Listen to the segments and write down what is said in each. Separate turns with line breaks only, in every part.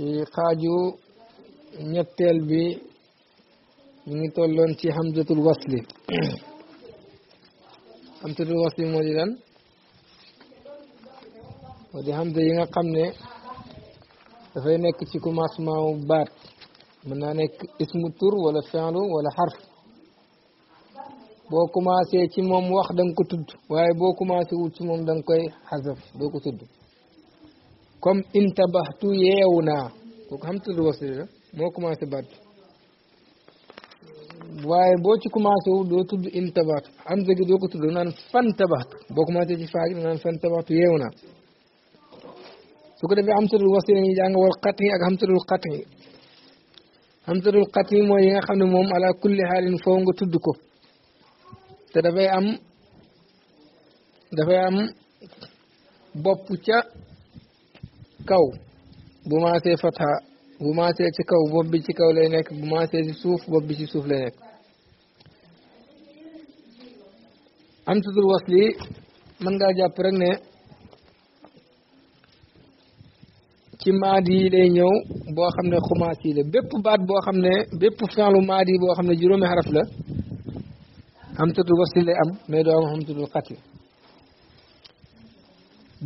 ci xaaju ñetteel bi mu ngi tolloon ci hamzatul wasli hamzatul wasli moo di lan moo di yi nga xam ne dafay nekk ci commencement wu baat mën naa nekk ismu tur wala fi'lu wala xarf boo commencé ci moom wax da nga ko tudd waaye boo commencé wut ci moom da nga koy xasaf doo ko tudd comme intabaxtu yeewu naa kooku xam tudd wasli la moo commencé baat waaye boo ci commencé wu doo tudd intabaxtu hamza gi doo ko tudd naan fan tabaxtu boo commencé ci faa gi naan fan tabaxtu yeewu naa ko defee hamzatul wasli la ñuy jàng wal qat'i ak hamzatul qat'i hamzatul qat'i mooy yi nga xam ne moom ala kulli xaalin foo nga tudd ko te dafay am dafay am bopp ca kaw bu maasee fatha bu maasee ci kaw bopp bi ci kaw lay nekk bu maasee ci suuf bopp bi ci suuf lay nekk hamzatul wasli mën ngaa jàpp rek ne ci maadi yi lay ñëw boo xam ne xumaas yi la bépp baat boo xam ne bépp fi'lu maadi boo xam ne juróomi xaraf la hamzatul wasli lay am mais doo am hamzatul qatl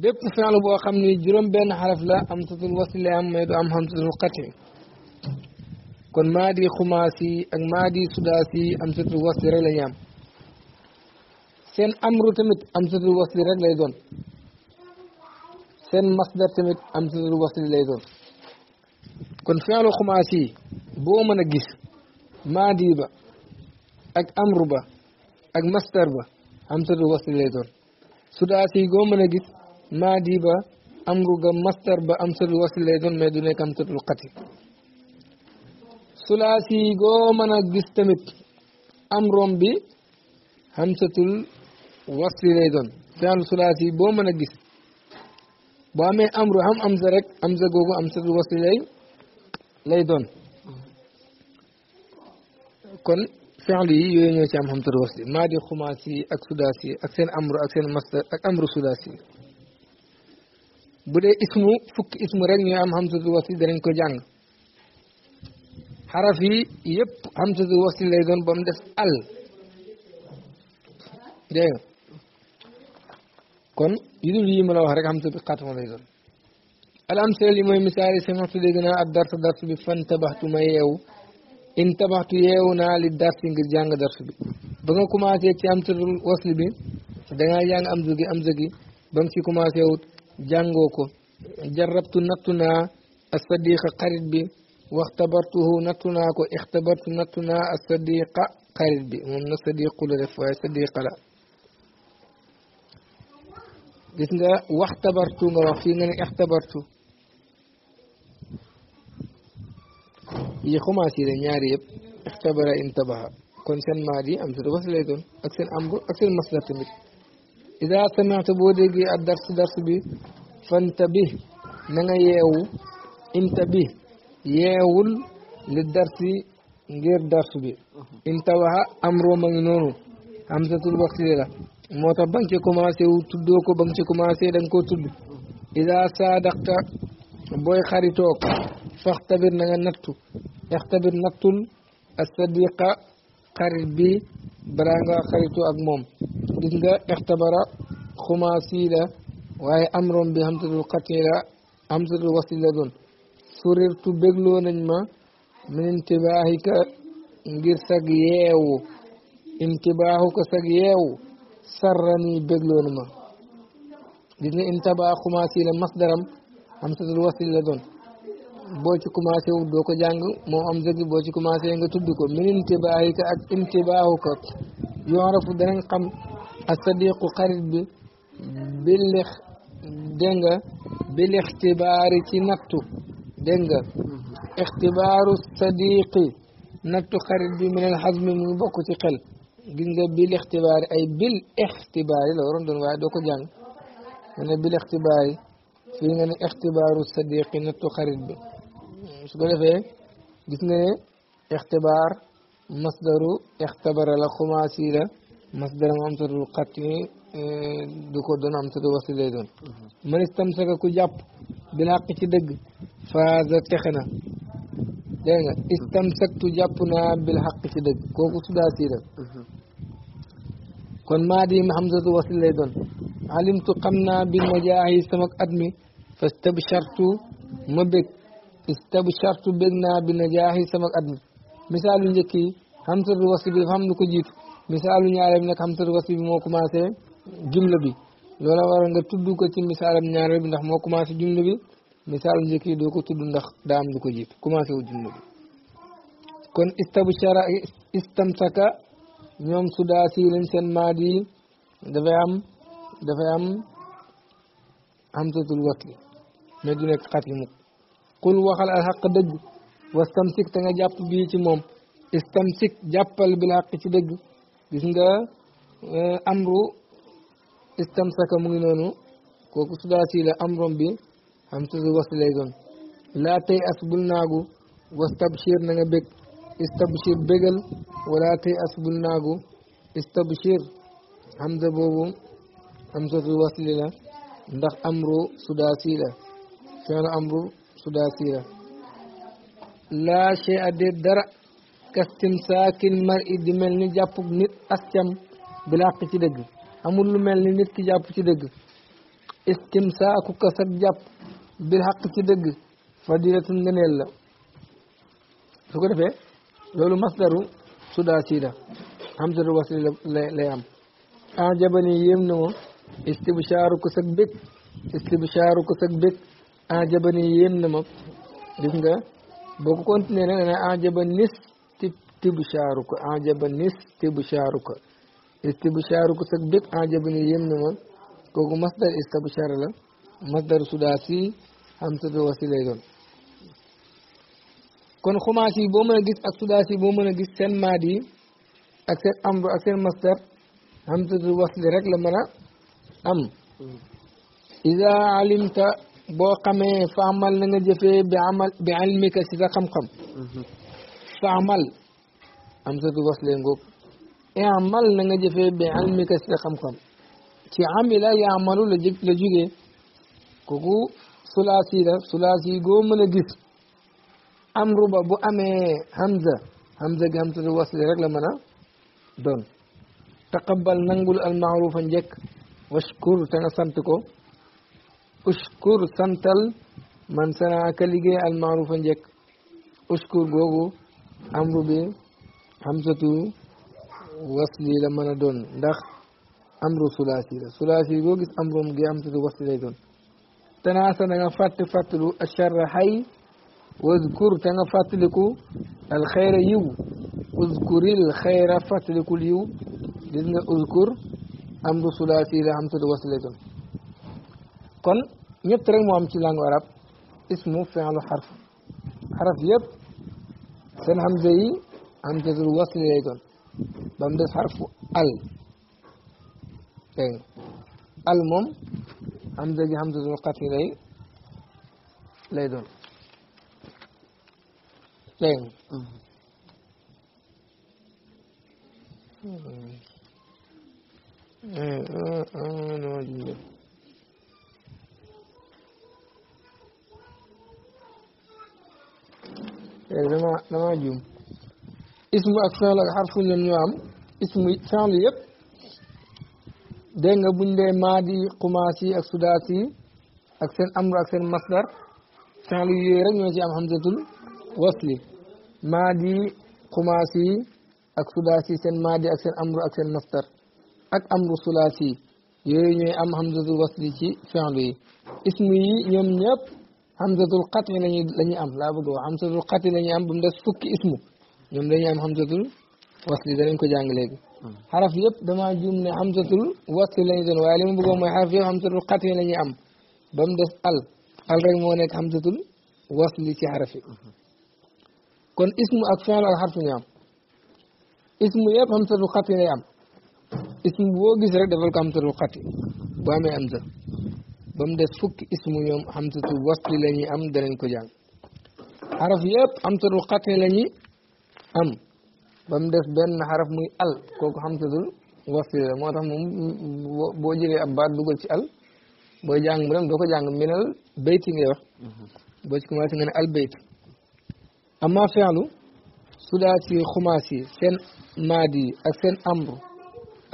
بيب فعل بو خامني جيروم بن حرف لا ام تطل وسلام ميد ام همز القطع كون مادي خماسي اك مادي سداسي ام تطل وسر لا يام سين امرو تمت ام تطل وسر رك لا يدون سين مصدر تمت ام تطل وسر لا يدون كون فعل خماسي بو مانا غيس مادي با اك امرو با اك مصدر با ام تطل وسر لا يدون سداسي غو مانا غيس maadi ba amru ga ba amsatul wasl lay doon mais du nekk amsatul qati sulaasi goo mën a gis tamit amrom bi amsatul wasli lay doon boo mën a gis boo amee amru am amza rek amza googu amsatul wasli lay lay doon kon fi'l yi yooyu ñoo ci am amsatul wasli maadi xumaasi ak sudaasi ak seen amru ak seen masdar ak amru sudaasi bu dee ismu fukki ismu rek ñooy am hamzatul wasli danañ ko jàng xaraf yi yëpp hamzatul wasli lay doon ba mu des al dégg nga wax rek hamza bi xatma lay mooy misaal yi samextu dégg naa ab darsu darsu bi fan tabaxtu ma yeewu in tabaxtu yeewu naa li darsi ngir jàng darsu bi ba nga commencé bi dangaa jàng am gi am gi ba ci commencé wut jàngoo ko jarabtu nattu naa asadiqa xarit bi waxtabartuhu nattu naa ko ixtabartu nattu naa asadiqa xarit bi moom na sadiqu la def waaye sadiqa la gis nga waxtabartu nga wax fii nga ne ixtabartu yi commencé la ñaari yëpp ixtabara intabaha kon seen maadi am sa du bas lay doon ak seen amru ak seen masdar tamit ida sami'ta boo déggee ak dars dars bi fantabih na nga yeewu intabih yeewul li darsi ngir dars bi intawaha amroo ma ngi noonu hamzatul waqti la moo tax ba nga ci commencé wu tuddoo ko ba nga ci commencé da nga koo tudd ida saadaqta booy xaritoog faxtabir na nga nattu ixtabir nattul asadiqa xarit bi balaa nga xaritu ak moom gis nga ixtabara xumaasi la waaye amrom bi hamsatul xati la hamsatul wasli la doon surirtu bégloo nañ ma min intibaahika ngir sag yeewu intibaahuka sag yeewu sarrani bégloo na ma gis nga intabaa xumaasi la masdaram hamsatul wasli la doon boo ci commencé wu doo ko jàng moo am zëgg boo ci commencé nga tudd ko min intibaahi ka ak intibaahu ka yoon rafu danañ xam asadiqu xarit bi bilix dégg nga ci nattu dégg nga mm-hmm. ixtibaaru sadiqi nattu xarit bi min al xasmi mu ngi bokk ci xel gis nga bilixtibaari ay bil ixtibaari la waroon doon waaye doo ko jàng nga ne bilixtibaari fii nga ne ixtibaaru sadiqi nattu xarit bi su ko defee gis nga ne ixtibaar masdaru ixtabara la xumaasi la masdar mu am satu xatmi eh, du ko doon am satu wasi lay doon mhm. man istamsaka ku jàpp bil xaq ci dëgg faaza texe na dégg nga mhm. istamsaktu jàpp naa bil xaq ci dëgg kooku sudaasi la mhm. kon maa di hamzatu wasil lay doon alimtu xam naa bi majaahi sama at mi fastabshartu ma bég istabshartu bég naa bi najaahi sama at mi misaalu njëkk yi hamsatul wasli bi dafa am ko jiitu misaalu ñaareel bi nag hamsatul wasli bi moo commencé jumla bi loola waral nga tudd ko ci misaalam ñaareel bi ndax moo commencé jumla bi misaalu njëkk yi doo ko tudd ndax daa am lu ko jiitu commencé wu jumla bi kon istabshara istamsaka ñoom sudaasi lañ seen maadi dafay am dafay am hamsatul wasli mais du nekk xat qul waxal alxaq dëgg wastamsik te nga jàpp bii ci moom istamsik jàppal bi xaq ci dëgg gis nga eh, amru istamsaka mu ngi noonu kooku sudaasi la amrom bi xam sasi wasti tey as bul wastabshir na nga bég istabshir wala tey as bul naagu hamza boobu hamsatu wasli la ndax amru sudaasi la amru sudaasi la laa chey addeet dara kastim saakin mar di mel ni jàpp nit ascam bilàq ci dëgg amul lu mel ni nit ki jàpp ci dëgg istimsaaku kasak jàpp bil xaq ci dëgg fadilatun ngëneel la su ko defee loolu masdaru sudaasi la hamzatu wasli lay am ajabani yéem na ma istibshaaru kasak bég istibshaaru kasak bég ajabani yéem na ma gis nga boo ko continuer nag ne ajaba nis tibshaaruka ajaba nis tibshaaruka istibshaaruka sag bég ajabani yéem na ma kooku masdar istabshar la masdar sudaasi hamsatu wasi lay doon kon xumaas boo mën a gis ak sudaas yi boo mën a gis seen maad am mm. iza alimta boo xamee fa amal na nga jëfee bi amal bi almika na sa xam-xam mhm. fa amal am sa du wasle amal na nga jëfee bi almika si sa xam-xam ci amila la la jógee kooku sulaasi la sulaasi goo mën a gis am ruba bu amee hamza hamza gi hamza du wasle rek la mën a doon taqabal nangul al maarufa njëkk washkur te nga sant ko uskur santal man sanaaka liggéey almaarufa njëkk uskur googu amru bi hamsatu wasli la mën a doon ndax amru sulaasi la sulaasi boo gis amrum gi hamsatu wasli lay doon tanaasa da nga fàtt fàttalu acharra xay wazkur ta nga fàttaliku alxayra yiw uzkuril xayra fàttalikul yiw gis nga uzkur amru sulaasi la hamsatu wasli lay doon kon ñett rek moo am ci langue arab ismu fi'lu xarf xaraf yëpp seen hamza yi hamzatul wasl lay doon ba mu des xarfu al dégg al moom hamza gi hamzatul qat'i lay lay doon Mm-hmm. Eh, dama dama juum ismu ak fenl ak xarfu ñoom am ismu fenl yëpp dégg nga buñ dee maadi xumaas yi ak sudaas yi ak seen amru ak seen masdar fenl yu yooyu rek ñoo ci am hamzatul wasli maadi xumaas yi ak sudaas yi seen maadi ak seen amru ak seen masdar ak amru sulaas yi yooyu ñooy am hamzatul wasli ci fenl yi ismu yi ñoom hamzatul qat'i lañuy lañuy am laa bëgg wax hamzatul qat'i lañuy am ba mu des fukki ismu ñoom dañuy am hamzatul wasli danañ ko jàng léegi. Hmm. xaraf yëpp damaa juum ne hamzatul wasli lañu doon waaye li mu bëggoon mooy xaraf yëpp hamzatul qat'i lañuy am ba mu des al al rek moo nekk hamzatul wasli ci xaraf yi hmm. kon ismu ak fi'l ak xarfu ñu am ismu yëpp hamzatul qat'i lay am ismu boo gis rek defal ko hamzatul qat'i bu amee ba mu des fukki ismu ñoom hamsatu wasli la ñuy am danañ ko jàng xaraf yëpp hamsatu xatne la ñuy am ba mu benn xaraf muy al kooku hamsatul wasli la moo tax moom boo jëlee ab baat dugal ci al booy jàng mu doo ko jàng minal bayti ngay wax boo ci commencé nga ne al bayt amma fi'lu sudaati xumaasi seen maadi ak seen amru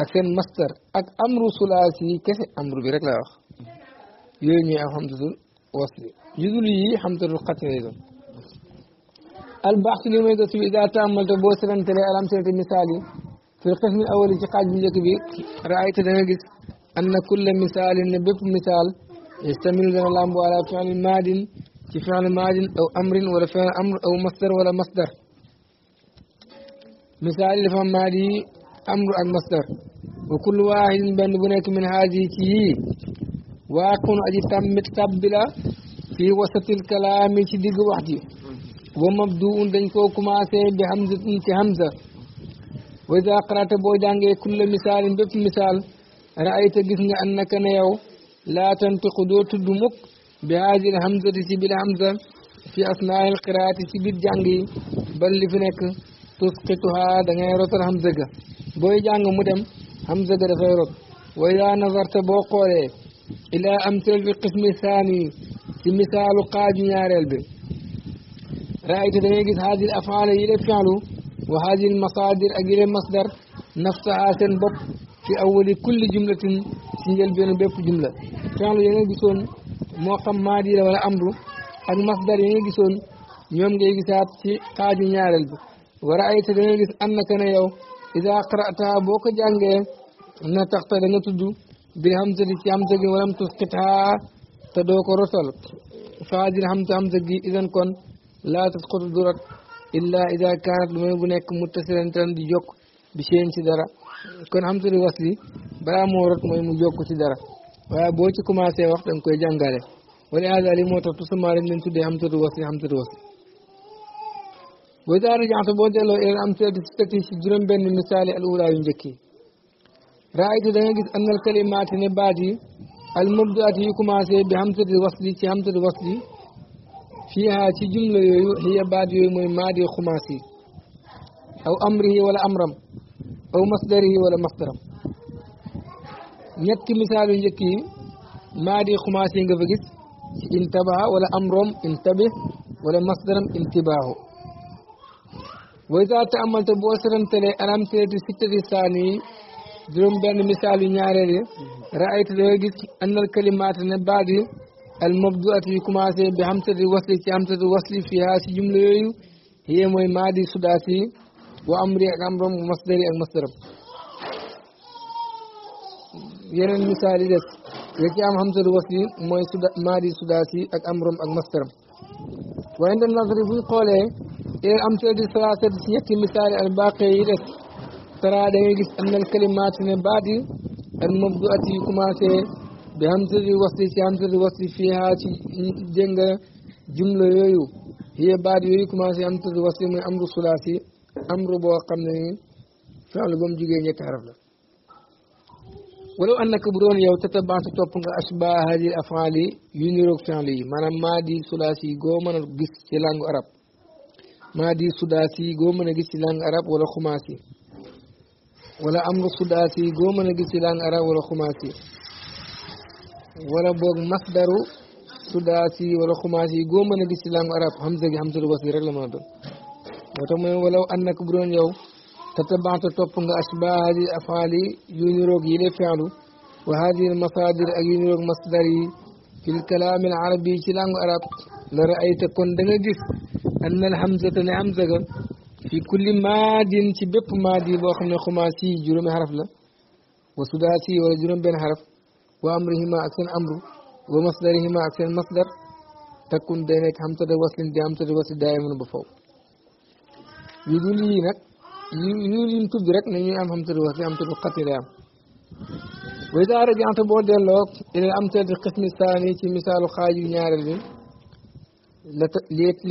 ak sen master ak amru sulasi kese amru bi rek laa wax yooyu ñuy am xamdatul wasli judul yi xamdatul xat lay doon albaxtu li may doon ida tàmmalta boo selantalee alam selante misaal yi fi xismi awali ci xaaj bu njëkk bi raayta da nga gis anna kulla misaalin ne bépp misaal yastamilu dana lambo ala fiil maadin ci fiil maadin aw amrin wala fiil amr aw masdar wala masdar misaal yi dafa maadi amru ak masdar wa kullu waahidin benn bu nekk min haadi ci yii واكون ادي تامت تابلا في وسط الكلام في ديغ وحدي ومبدو دنجو كو كوماسي بحمزه انت حمزه واذا قرات بو جانغي كل مثال بك مثال رايت غيسنا انك نيو لا تنطق دوت دمك مك بهذه الهمزه تي بالهمزه في اثناء القراءه تي بيت جانغي بل لي في تسقطها دا ngay rotal بو جانغ مودم jang دا dem hamza ga da fay rot ila amsilati qismi saani ci misaalu xaaju ñaareel bi raayta da ngay gis haadil afaala yi def fi'lu wa haadil masaadir ak yile masdar nafsaha seen bopp fi awali kulli jumlatin ci njëlbéenu bépp jumla fi'lu ya nga gisoon moo xam maadi la wala amru ak masdar ya nga gisoon ñoom ngay gisaat ci xaaju ñaareel bi wa raayta da ngay gis annaka na yow ida qara'taha boo ko jàngee na taxta da nga tudd bil hamza ci hamza gi walam tusqitha te doo ko rosal faadil hamza hamza gi idan kon laa tasqutu durat illa ida kaanat lu may bu nekk muttasilan tan di jokk bi seen ci dara kon hamza di wasli balaa moo rot mooy mu jokk ci dara waaye boo ci commencé wax da koy jàngale wala hada li moo tax tout sement dañ leen tuddee hamzatu wasli hamzatu wasli wa ida rajata boo delloo ilal amsilati si juróom benn misaali al ula yu njëkk yi رأيت ذلك أن الكلمات نبادي المبدأة يكما سيب بهمسة الوصلي كي همسة الوصلي فيها في جملة هي بعد يوم مادي خماسي أو أمره ولا أمرم أو مصدره ولا مصدرم نتي مثال يكي مادي خماسي نغفقس انتبه ولا أمرم انتبه ولا مصدرم انتباه وإذا تأملت بوسرم تلي أنا سيدي ستة ثانية جرم بين مثال نياري رأيت لوجد أن الكلمات النبادي المبدوءة في كماسي بحمسة الوصل في حمسة الوصل في هذه الجملة هي موي مادي سداسي وأمري أمر مصدري المصدر يرن مثال جس يكي أم حمسة الوصل موي سدا مادي سداسي أمر المصدر وعند النظر في قوله إيه أمثلة ثلاثة يكي مثال الباقي يرس tara da gis am na kalimaat ne baat yi al mabduat yi commencé bi hamsati wasli ci hamsati wasli fiha ci dégg jumla yooyu hiya baat yooyu commencé hamsati wasli mooy amru sulaasi amru boo xam ne ni fi'l ba jugee ñetti xaraf la walaw annaka bu doon yow tatabaatu topp nga asbaa hadi afaal yu niroog fi'l yi maanaam maa sulaasi goo mën a gis ci langue arab maa di goo mën gis ci langue arab wala xumaasi wala am nga sudaas yi gis ci laan arab wala xumaas yi wala boog masdaru sudaas wala xumaas yi goo mën a gis ci laan arab hamza gi hamzatul wasli rek la mën a doon moo tax mooy walaw an nak topp nga asbaa hadi afaal yi yu niroog yi lay fi'lu wa hadi masadir ak yu niroog masdar yi arabi ci langue arab la ra'ayta kon da gis an al hamzata ne hamza ga في كل ماد في بيب مادي بو خمنا خماسي جرم حرف لا وسداسي وجرم بين حرف وامرهما اكن امر ومصدرهما اكن مصدر تكون دينك همت د وصل دي همت د وصل دائم بفو يدولي نك يدولي نتوب ديرك نيو ام همت د وصل همت د قتل ام واذا رجعت بو ديلو الى امت د قسم الثاني في مثال خاج نيارل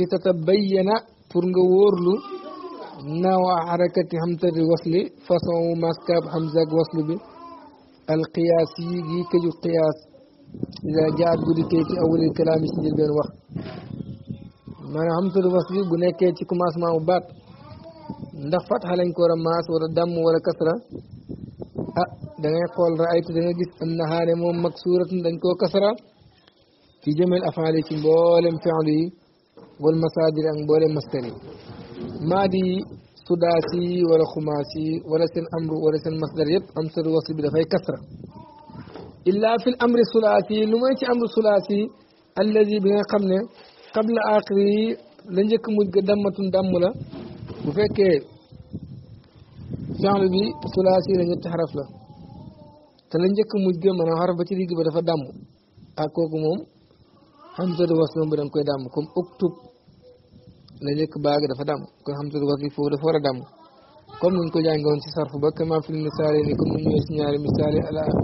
لتتبين pour nga worlu nawa xarakati hamzati wasli façon maskab hamza ak waslu bi alqiyaas yi gi këju qiyaas ida jaat bu dikkee ci awalil kalaam yi ci njëlbeen wax maanaam hamzatu wasli bu nekkee ci commencement bu baat ndax fatxa lañ ko war a maas wala damm wala kasra ah da xool raaytu da nga gis am na xaane moom maksuratun dañ koo kasra fi jëmel afaali ci mboolem fi'lu yi wal masaadir ak mboolem maskani ما دي سداسي ولا خماسي ولا سن أمر ولا سن مصدر يب أمثل وصل بلا فهي كثرة إلا في الأمر الثلاثي لميت أمر الثلاثي الذي بنا قمنا قبل آخره لنجك مجدمة دملا وفيك جعل بي ثلاثي لنجك حرف له تلنجك مجدمة من حرف بتي دي بدفع دم أكوكم هم حمزة الوصل بدن كوي دم كم أكتب la njëkk baag dafa dam kon hamzatul wasli foofu dafa war a dam comme nuñ ko jàngoon ci sarfu ba kama fil misaale ni comme nu ñëwee si ñaari misaale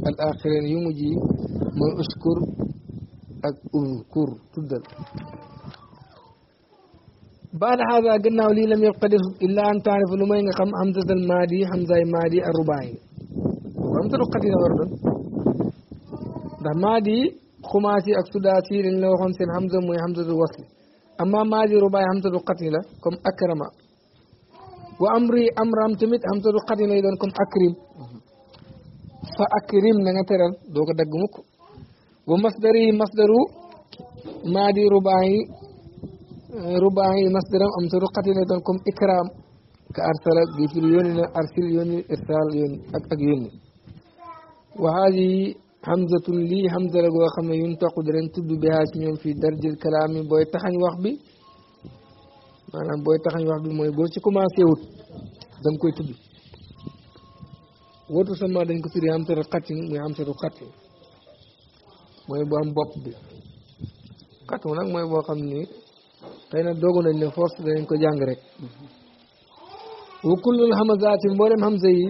al axirin yu mujj yi mooy uskur ak uzkur tuddal بعد هذا قلنا لي لم يبقى إلا أن تعرف لما ينقم حمزة المادي حمزة المادي الرباعي حمزة القتيل ورد ده مادي خماسي أكسداتي لأنه خمسين حمزة موي حمزة الوصل amma maadi rubaay hamsatu xatyi la comme akrama wa amri amram tamit hamsatu xatyi lay doon comme akrim fa akrim na nga teral doo ko dagg mukk wa masdari masdaru maadi rubaay rubaay masdaram hamsatu xatyi lay doon comme ikram ka arsala bii firi yónni na arsil yónni irsal yónni ak ak yónni wa haadi hamzatun lii hamza la goo xam ne yun taqu danañ tudd bihaa ci ñoom fii darjil kalaami booy taxañ wax bi maanaam booy taxañ wax bi mooy boo ci commencé wut da nga koy tudd wootu sama dañ ko tuddee hamzatu xatin muy hamzatu xatin mooy bu am bopp bi xatu nag mooy boo xam ni xëy na doogu nañ ne force danañ ko jàng rek wa kullul hamazaati mboolem hamza yi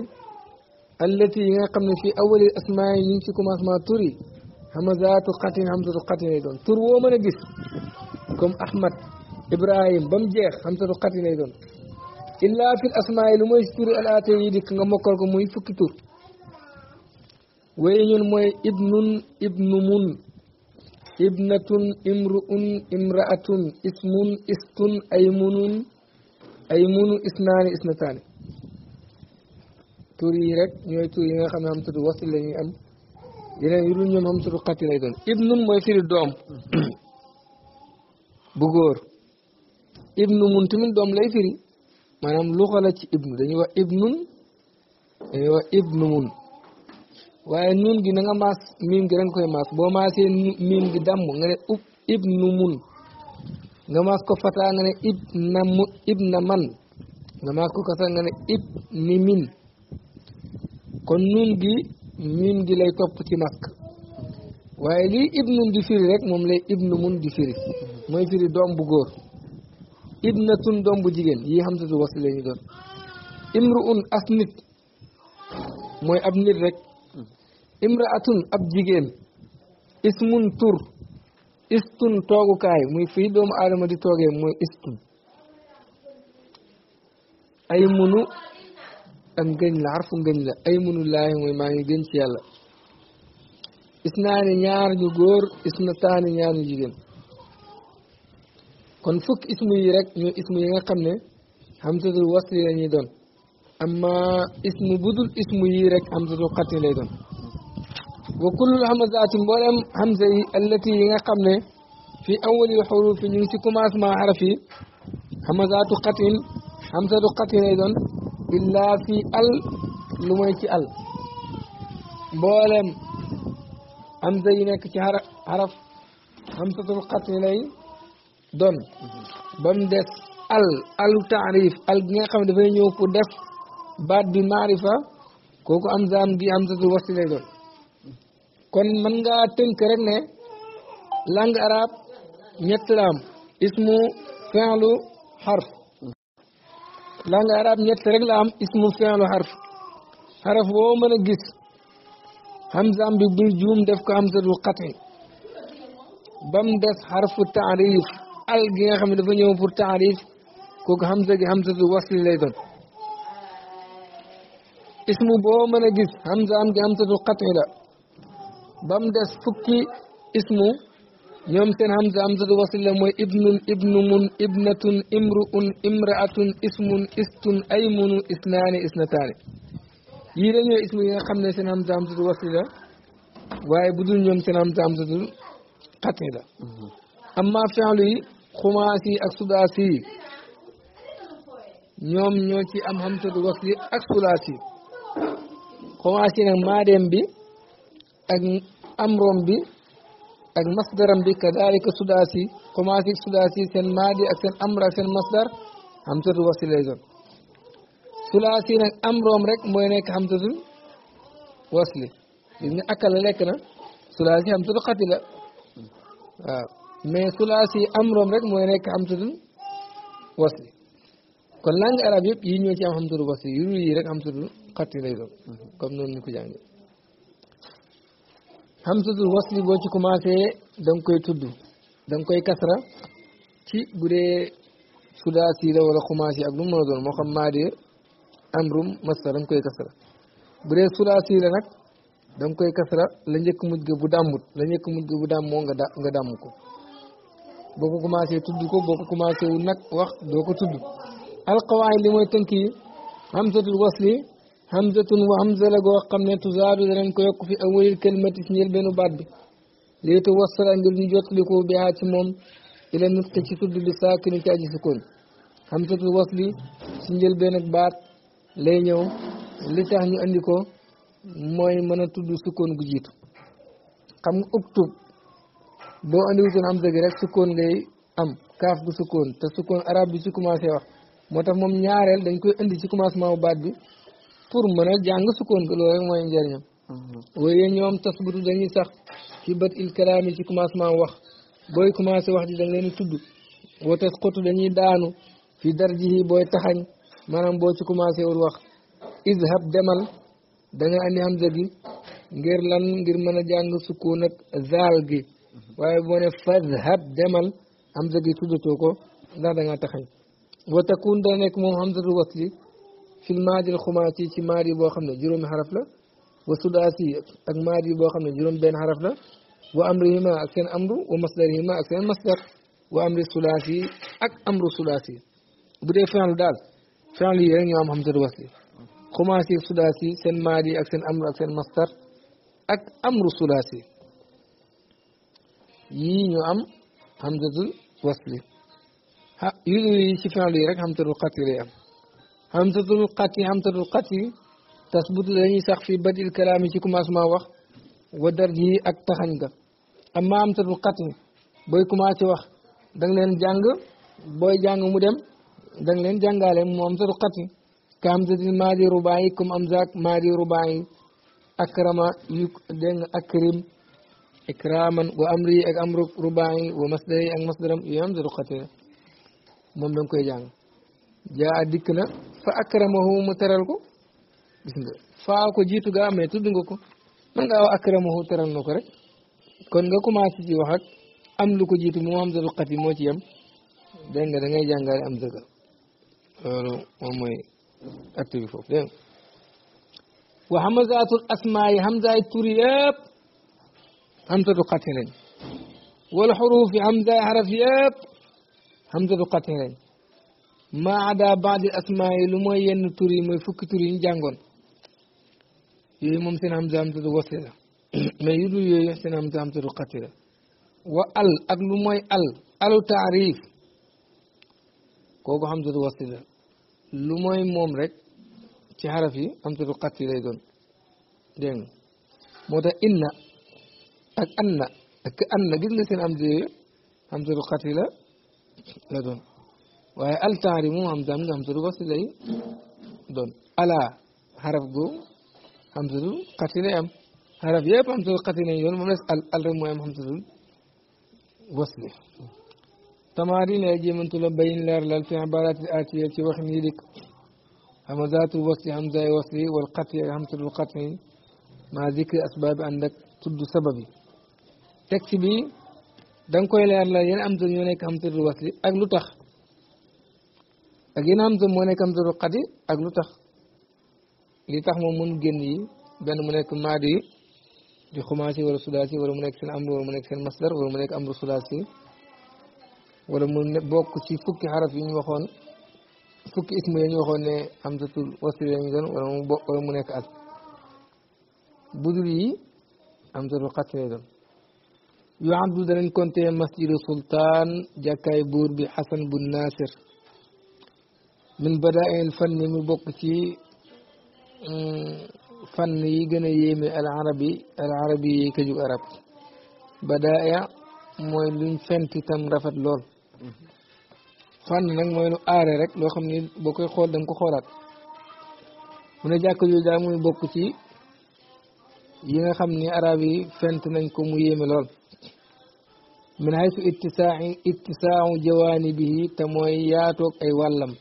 allati yi nga xam ne fii awali asmaa yi ñu ngi ci commencement tur yi hamazaatu xatin hamsatu xatin lay tur woo mën gis comme ahmad ibrahim ba jeex hamsatu xatin lay doon illaa fil asmaa yi lu mooy turi alaate yi dikk nga mokkal ko muy fukki tur waaye ñun mooy ibnun ibnumun ibnatun imruun imraatun ismun istun aymunun aymunu isnaani isnataani tur yi rek ñooy tur yi nga xam ne am tudd wasil la ñuy am yeneen yu ñoom am tudd xatti lay doon ibnu mooy firi doom bu góor ibnu mun tamit doom lay firi maanaam luxa la ci ibnu dañuy wax ibnun dañuy wax ibnu mun waaye nun gi na nga maas miim gi dañ koy maas boo maasee miim gi damm nga ne up ibnu mun nga maas ko fataa nga ne ibna mu ibna man nga maas ko kasa nga ne ibni min kon nuun gi miin gi lay topp ci makk waaye lii ibnun di firi rek moom lay ibnu mun di firi mooy firi doom bu góor ibnatun doom bu jigéen yii xam satu wasl la ñu doon imruun as nit mooy ab nit rek imraatun ab jigéen ismun tur istun toogukaay muy fii doomu aadama di toogee mooy istun ay munu am ngëñ la arfu ngëñ la ay munullaahi mooy maa ngi gën ci yàlla isnaani ñaar ñu góor isnataani ñaar ñu jigéen kon fukki ismu yi rek ñoo ismu yi nga xam ne hamzatul wasli la ñuy doon amma ismu budul ismu yi rek hamzatul xatni lay doon wa kullul hamazaati mboolem hamza yi allati yi nga xam ne fii awali xuruuf yi ñu ngi si commencement araf yi hamazaatu xatin hamzatu xatin lay doon illaa fii al lu mooy ci al mboolem hamza yi nekk ci xaraf hamzatul xatmi lay doon ba mu des al alu taarif al gi nga xam ne dafay ñëw pour def baat bi maarifa kooku hamzaam bi hamzatul wasti lay doon kon mën nga tënk rek ne langue arabe ñett la ismu fi'lu xarf لان العرب نيت رك لا ام اسم فعل حرف حرف و من غيس همزه ام بي جوم داف كو همزه دو قطع بام داف حرف التعريف ال غي خا دا نيو بور تعريف كوك همزه غي همزه دو وصل لي دون اسم بو من غيس همزه ام غي همزه دو قطع لا بام داف فكي اسمو ñoom seen hamza hamzatu wasl la mooy ibnun ibnumun ibnatun imruun imraatun ismun istun aymunu isnaani isnataani yii dañoo ismu yi nga xam ne seen hamza hamzatu wasl la waaye bu dul ñoom seen hamza hamzatu xatmi la amma fi'lu yi xumaasi ak sudaasi ñoom ñoo ci am hamzatu wasl ak sudaasi xumaasi nag maadem bi ak amrom bi ak masdaram bi kadalika sudaasi commencé sudaasi seen maadi ak seen amr ak seen masdar hamzatul wasl lay doon sulaasi nag amroom rek mooy nekk hamzatul wasli gis nga lekk na sulaasi hamzatul xati la waaw mais sulaasi amroom rek mooy nekk hamzatul wasli kon langue arabe yëpp yi ñoo ci am hamzatul wasli yu yi rek hamzatul xati lay doon comme noonu ñu ko jàngee hamzatul wasli boo ci commencé da koy tudd da nga koy kasra ci bu dee sudaasi la wala xumaasi ak lu mu mën moo xam maadi amrum masta da nga koy kasra bu dee nag da koy kasra la njëkk mujj bu dàmmut la njëkk mujj bu dàmmoo nga da nga dàmm ko boo ko commencé tudd ko boo ko commencé wu nag wax doo ko tudd alqawaay li mooy tënk yi hamzatul wasli hamzatun wa hamza la goo xam ne tuzaadu danañ ko yokk fi awalil kalimati si njël bennu baat bi léetu wasala ngir ñu jotliko bihaa ci moom ila nutqi ci tudd bi saakini ci aji sukkoon hamzatul wasli si njël benn baat lay ñëw li tax ñu andi ko mën a tudd sukkoon gu jiitu xam nga uktub boo andiwutoon hamza gi rek sukkoon ngay am kaaf bu sukkoon te sukkoon arab bi ci commencé wax moo tax moom ñaareel dañ koy indi ci commencement bu baat bi pour mën a jàng sukkoon ko loolu rek mooy njëriñam. Mhm. waaye ñoom tasbutu dañuy sax ci bët il kalaam yi ci commencement wax booy commencé wax ji da leen tudd wa tasqutu dañuy daanu fi darji yi booy taxañ maanaam boo ci commencé wul wax izhab demal da nga andi hamza gi ngir lan ngir mën a jàng sukkoon ak zaal gi mhm. waaye boo ne fazhab demal hamza gi tuddatoo ko da ngaa taxañ wa takun dana nekk moom hamzatu wasli fil maadil xumaasi ci maadi boo xam ne juróomi xaraf la wa sudaasi ak maadi boo xam ne juróom benn xaraf la wa amrihima ak seen amru wa masdarihima ak seen masdar wa amri sudaasi ak amru sudaasi bu dee fenlu daal fenlu yi rek ñoo am hamzatul wasli xumaasi ak sudaasi seen maadi ak seen amru ak seen masdar ak amru sudaasi yii ñoo am hamzatul wasli ha yu yi ci fenlu yi rek hamzatul qat'i lay am hamsatul qati hamsatul qati tasbut lañuy sax fi badil kalaam yi ci commencement wax wa darji ak taxañ ga amma hamsatul qati booy ci wax danga leen jàng booy jàng mu dem danga leen jàngaale mu hamsatul qati ka hamsatil maadi rubaayi comme amzaak maadi rubaayi ak yu dégg nga akrim ikraman wa amri ak amru rubaayi wa masdari ak masdaram yu hamsatul qati moom danga koy jàng jaa dikk na fa akramahu mu teral ko gis nga ko jiitu gaa mais tudd nga ko man nga aw akramahu teral rek kon nga commencé ci wax ak am lu ko jiitu moom hamzatul xatyi moo ci yem dégg nga da ngay am dëgg loolu moom mooy att bi foofu dégg nga wa hamzatul asmaa yi hamzaay tur yëpp hamzatul xatyi lañ wala xuruuf yi hamzaay xaraf yëpp hamzatul xatyi lañ ma ada baadi asmaa yi lu mooy yenn tur yi mooy fukki tur yi ñu jàngoon yooyu moom seen hamza am tudd wasi la mais yu dul yooyu seen hamza am tudd xati wa al ak lu mooy al alu taarif kooku hamzatu wasi la lu mooy moom rek ci xaraf yi hamzatu xati lay doon dégg moo tax inna ak anna ak anna gis nga seen hamza yooyu hamzatu xati la la doon waaye al taarimu hamza nga hamzatu wasl lay doon ala xaraf gu hamzatu qat'i lay am xaraf yëpp hamzatu qat'i lay doon moom des al al rek mooy am hamzatu wasl tamarin ay jéemantu la bayin leer lal fi ibarat atiya ci wax nii dik hamzatu wasli hamza ay wasli wal qat'i ak hamzatu qat'i ma zikri asbab ànd ak tudd sababi texte bi da nga koy leer la yéen am ñoo nekk hamzatu wasli ak lu tax ak yenn hamza moo nekk am hamza xadi ak lu tax li tax moom mun génn yi benn mu nekk maadi di xumaasi wala sudaasi wala mu nekk seen amru wala mu nekk seen masdar wala mu nekk amru sudaasi wala mu bokk ci fukki xaraf yi ñu waxoon fukki ismu yi ñu waxoon ne am wasl lañu doon wala mu wala mu nekk as budul yi hamzatul xat lay doon yu abdu danañ compté masjidu sultaan jàkkaay buur bi xasan bu nasir min fan fanni mu bokk ci mm, fan yi gën a yéeme al arabi al arabi yi ka jug arab badaaya mooy luñ fenti tam rafet lool fànn nag mooy lu aare rek loo xam ni boo koy xool danga ko xoolaat mu ne jàkk jooju daal bokk ci yi nga xam ni arab yi fent nañ ko mu yéeme lool min haysu ittisaau ittisaau jawaanibihi te mooy yaatoog ay wàllam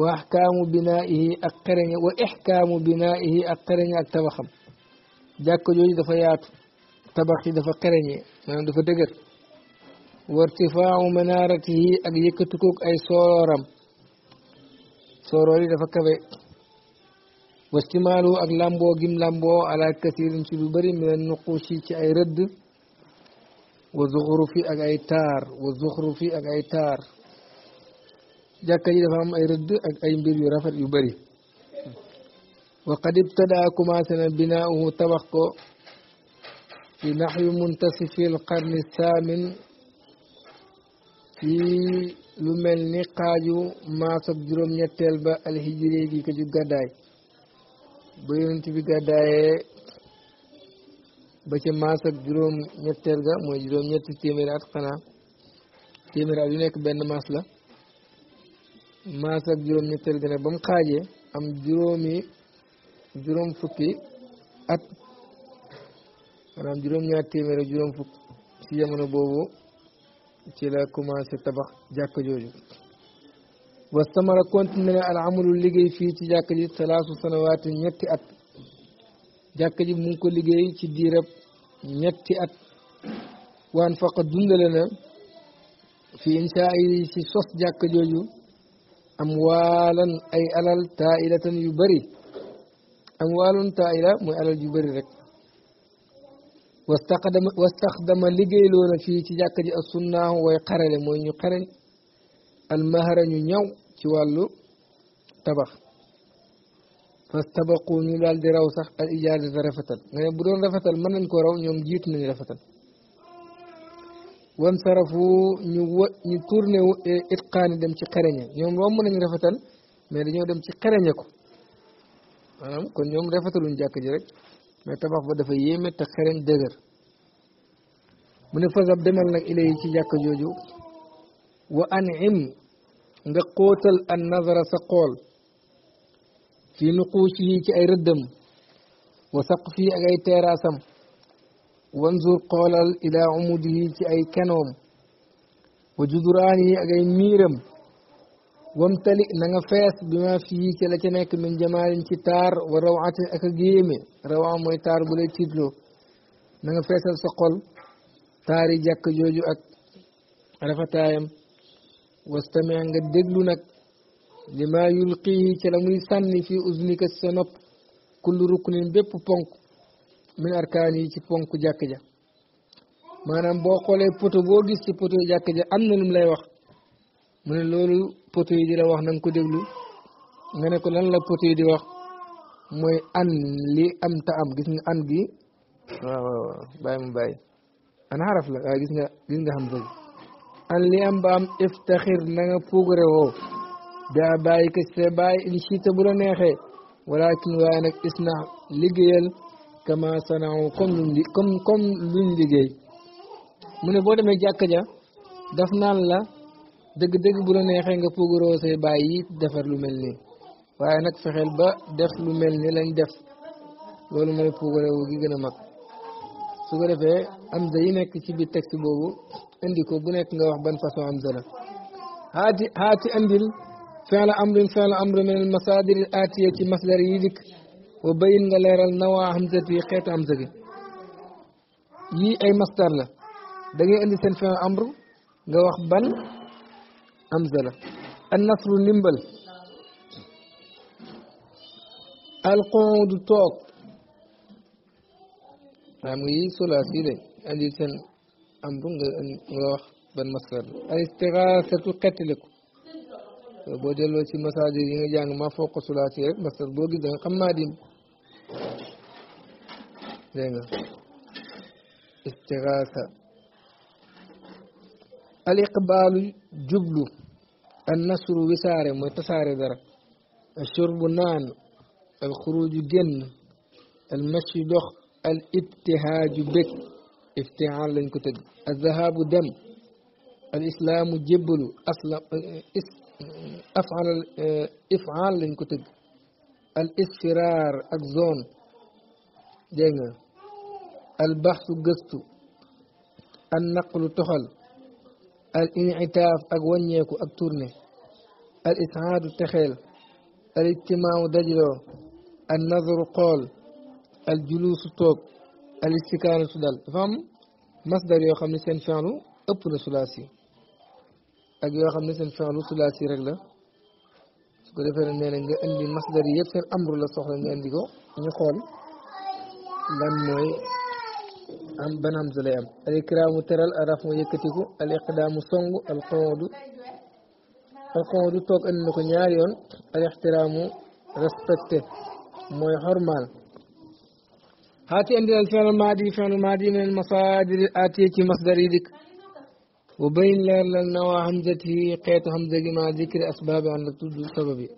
وأحكام بنائه أقرن وإحكام بنائه أقرن التبخم جاك جوجي دفيات تبخ دفقرن من يعني دفتقر وارتفاع منارته أجيك تكوك أي صورم صوروري دفكبه واستماله أغلامبو جم لامبو على كثير من سببري من النقوش أي رد وزخرفي أغايتار وزخرفي أغايتار jakka ji dafa am ay rëdd ak ay mbir yu rafet yu bëri wa qad ibtada commencé na binaauhu tabax ko fi naxwi muntasifi alqarni thamin ci lu mel ni xaaju maasob juróom-ñetteel ba alhijiriye gi ka ju gaddaay ba yonent bi gaddaayee ba ca maasob juróom-ñetteel ga mooy juróom-ñetti téeméeri at xanaa téeméeri at yu nekk benn mas la maas ak juróom ñetteel gi ne ba am juróomi juróom fukki at maanaam juróom ñaar téeméer juróom fukk ci jamono boobu ci la commencé tabax jàkk jooju wastamara continué al amalu liggéey fii ci jàkk ji salaasu sanawaati ñetti at jàkk ji mu ko liggéey ci diirab ñetti at waan faqa dundale na fi insha yi ci sos jàkk jooju amwaalan ay alal taailatan yu bari amwaalun taaila mooy alal yu bari rek wastaqdama wastaxdama liggéeyloo na fii ci jàkka ji assunnaahu way xarale mooy ñu xarañ almahara ñu ñaw ci wàllu tabax fastabaqu ñu daal di raw sax al ijaazata rafetal nga ne bu doon rafetal mën nañ ko raw ñoom jiitu nañu rafetal wam sarafu ñu wa ñu tourné wu e itqaani dem ci xereñe ñoom romb nañ rafetal mais dañoo dem ci xereñe ko maanaam kon ñoom rafetaluñ jàkk ji rek mais tabax ba dafa yéeme te xereñ dëgër mu ne fasab demal nag ilay ci jàkk jooju wa anim nga xóotal an nazara sa xool fii nuquusihi ci ay rëddam wa saqfihi ak ay teeraasam وانظر قال الى عموده اي كنوم وجدرانه اي ميرم وامتلئ نغفاس بما فيه كلكنك من جمال كتار وروعة اكاديم روعة ميتار بولي تيتلو نغفاس السقل تاري جاك جوجو اك رفتايم واستمع نك لما يلقيه كلمي سن في اذنك السنب كل ركن بيب بونك min arkaan yi ci ponk jàkk ja maanaam boo xoolee poto boo gis ci poto yi jàkk ja am na lu lay wax mu ne loolu poto yi di la wax na nga ko déglu nga ne ko lan la poto yi di wax mooy an li am ta am gis nga an gi waaw mu bàyyi an xaraf la gis nga gis nga xam ko an li am ba am iftaxir na nga puugare woo daa bàyyi ko sa in siita bu la neexee walakin waaye nag isna liggéeyal kama sanaaw comme luñ di comme comme luñ liggéey mu ne boo demee jàkka ja daf naan la dëgg-dëgg bu la neexee nga puugaroo say baay yi defar lu mel nii waaye nag fexeel ba def lu mel ni lañ def loolu mooy puugaroo gi gën a mag su ko defee amza yi nekk ci biir texte boobu indi ko bu nekk nga wax ban façon amza la haati haati andil fi'la amrin fi'la amrin min al masaadir al aatiya ci masdar yi dikk wa bayin nga leeral nawaa hamzati xeetu hamza gi yii ay master la da ngay indi seen amru nga wax ban hamza la an nasru ndimbal al quudu toog xam nga yii sulaas yi de indi seen amru nga nga wax ban masdar la al istixaasatu xettiliku boo delloo ci masaajir yi nga jàng maa foo ko sulaas yi rek masdar maa dim زي استغاثة الإقبال جبل النصر وسار متسار در الشرب نان الخروج جن المشي دخ الابتهاج بك افتعال كتب الذهاب دم الإسلام جبل أسلم أفعل افعال كتب الاسفرار اكزون دينغ البحث قصت النقل تخل الانعتاف اغوانيكو اكتورني الاسعاد تخيل الاجتماع دجلو النظر قول الجلوس توك الاستكان سدل فهم مصدر يو خمني سين فعلو اپو نسلاسي اك يو خمني سين فعلو سلاسي رجل سكو دفعنا نينا اندي مصدر يبسن امرو لسوخنا نجا اندي كو نجا من موي ام بنام زلي ام الاكرام ترال اراف مو يكتيكو الاقدام سونغ القعود القعود توك ان نكو نياار يون الاحترام ريسبكت موي حرمان هاتي عندنا الفعل الماضي فعل الماضي من المصادر الاتيه في مصدر يدك وبين لار للنوا همزته قيت همزه ما ذكر اسباب عند تدو سببي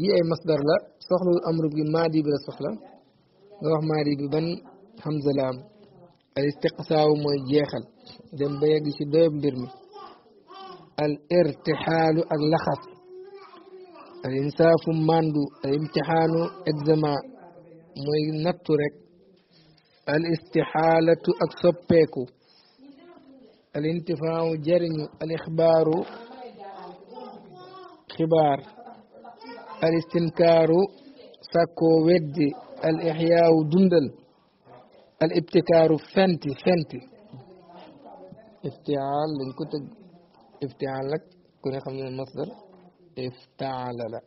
هي اي مصدر لا سخل الامر بالماضي بلا سخله nga wax maari bi ban hamza la am al istiqsaaw mooy jeexal dem ba yegg ci doyob mbir mi al irtixaalu ak laxas al insaafu mandu al imtixaanu examen mooy nattu rek al istixaalatu ak soppeeku al intifaaw jëriñu al ixbaaru xibaar al istinkaaru sàkkoo weddi الإحياء دندل الابتكار فنتي فنتي افتعال لن كنت افتعال لك كنا خمنا المصدر افتعال لا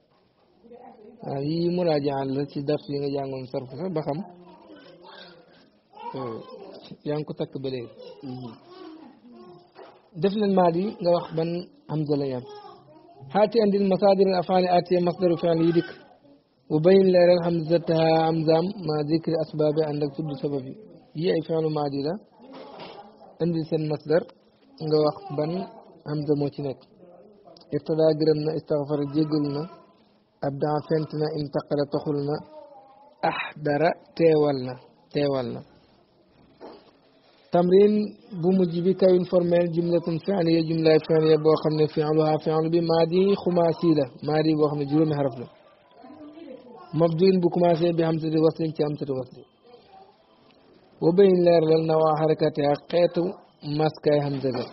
هذه مراجعة التي درس لنا جانون صرف بخم يان يعني كنت كبلي دفن المالي نوخ بن حمزة ليان هاتي عند المصادر الأفعال آتي مصدر فعل يدك bu bayin leeral hamzata hamzam ma zikri asbaabi ànd ak tudd sabab yi yii ay fi'lu maadi la indi nga wax ban hamza moo ci nekk irtada gërëm na istaghfara jéggalu na abdaa fent na intaqara toxul na ahdara teewal na teewal na tamrin bu mujj bi kawin formel jumlatun fi'liya jumlaay fi'liya boo xam ne fi'luha fi'lu bi maadi xumaasi la maadi boo xam ne juróomi xaraf mabduin bu commencé bi hamsati wasli ci hamsati wasli boo bañ leeralal na waa xarakate ak xeetu maskaay hamza ga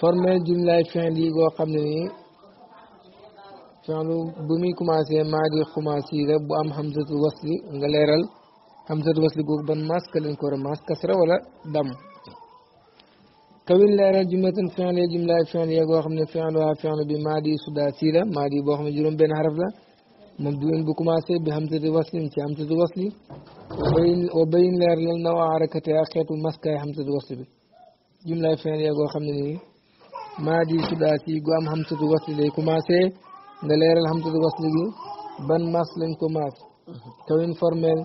formé jumlaay fiil yi goo xam ne nii fiilu bu muy commencé maadi xumaasi la bu am hamzatu wasli nga leeral hamzatu wasli googu ban maska lañ ko war a kasra wala dam kawin leeral jumlatan fiil yi jumlaay goo xam ne fiiluwaa fiilu bi maadi sudaasi la maadi boo xam ne juróom benn xaraf la مبدوء بكماسي بهمزة وصل في همزة وصل وبين وبين لرل نوع حركة أخيط مسكة همزة وصل بي جملة فعلية غو خمني ما دي سداسي غو أم همزة وصل لي كماسي نلرل همزة وصل بي بن مسلم كماس كوين فرمل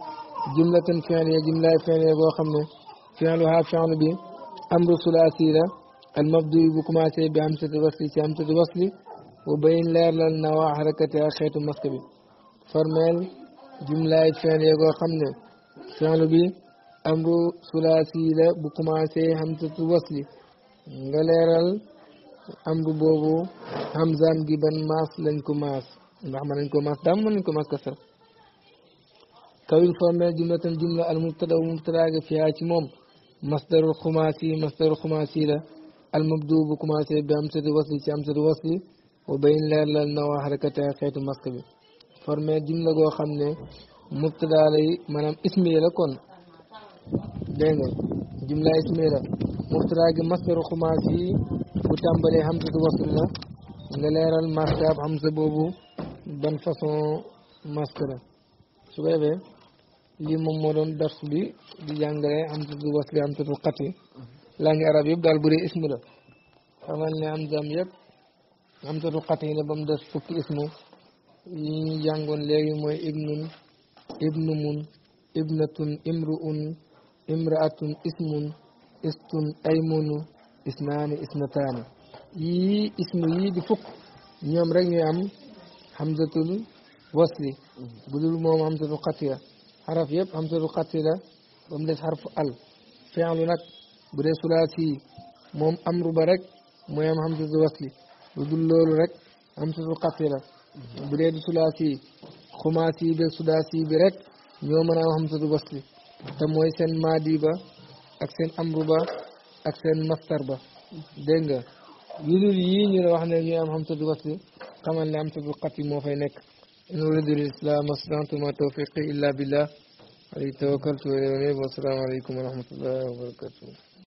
جملة فعلية جملة فعلية غو خمني فعلها فعل بي أمر ثلاثي لا المبدوء بكماسي بهمزة وصل في همزة وصل وبين لرل نوع حركة أخيط مسكة بي formel jumlaay fen yeegoo xam ne fenlu bi amru sulaasi la bu commencé hamzatu wasli nga leeral amru boobu hamzam gi ban maas lañ ko maas ndax mën nañ ko maas daam mën nañ ko maas kasar kawil formel jumlatan jumla al mubtada wa mubtada ga fiha ci moom masdarul xumaasi masdarul xumaasi la al mabdu bu commencé bi hamzatu wasli ci hamzatu wasli wa bayin leer lal na waa xarakata xeetu mask bi formé jumla goo xam ne mubtada lay maanaam ismiya la kon dégg nga jumla ismiya la mubtada gi masdaru xumaas yi bu tàmbalee hamzatu wasl la nga leeral masdar hamza boobu ban façon masdar la su ko defee lii moom moo doon dars bi di jàngale hamzatu wasl hamzatu qat'i laa ngi arab yëpp daal bu dee ismi la xamal ne hamza am yëpp hamzatu qat'i la ba mu des fukki ismu yi ñu jàngoon léegi mooy ibnun ibnumun ibnatun imruun imraatun ismun istun aymunu isnaani isnataani yii ismu yii di fukk ñoom rek ñuy am hamzatul wasli bu dul moom hamzatul xatiya xaraf yëpp hamzatul xatiya la ba mu des xarfu al fi'lu nag bu dee sulaasi moom amru ba rek mooy am hamzatul wasli bu dul loolu rek hamzatul xatiya la bu dee sulaasi xumaasi be sudaasi bi rek ñoo mën a am hamzatu wasli te mooy seen maadi ba ak seen amru ba ak seen mastar ba dégg nga la wax ne ñuy am hamzatu wasli ne hamzatu qat'i moo fay nekk in uriidu l-islaaha mastata'tu wa maa tawfiiqii illaa billah alayhi tawakkaltu wa ilayhi wa salaamu alaykum wa
rahmatullahi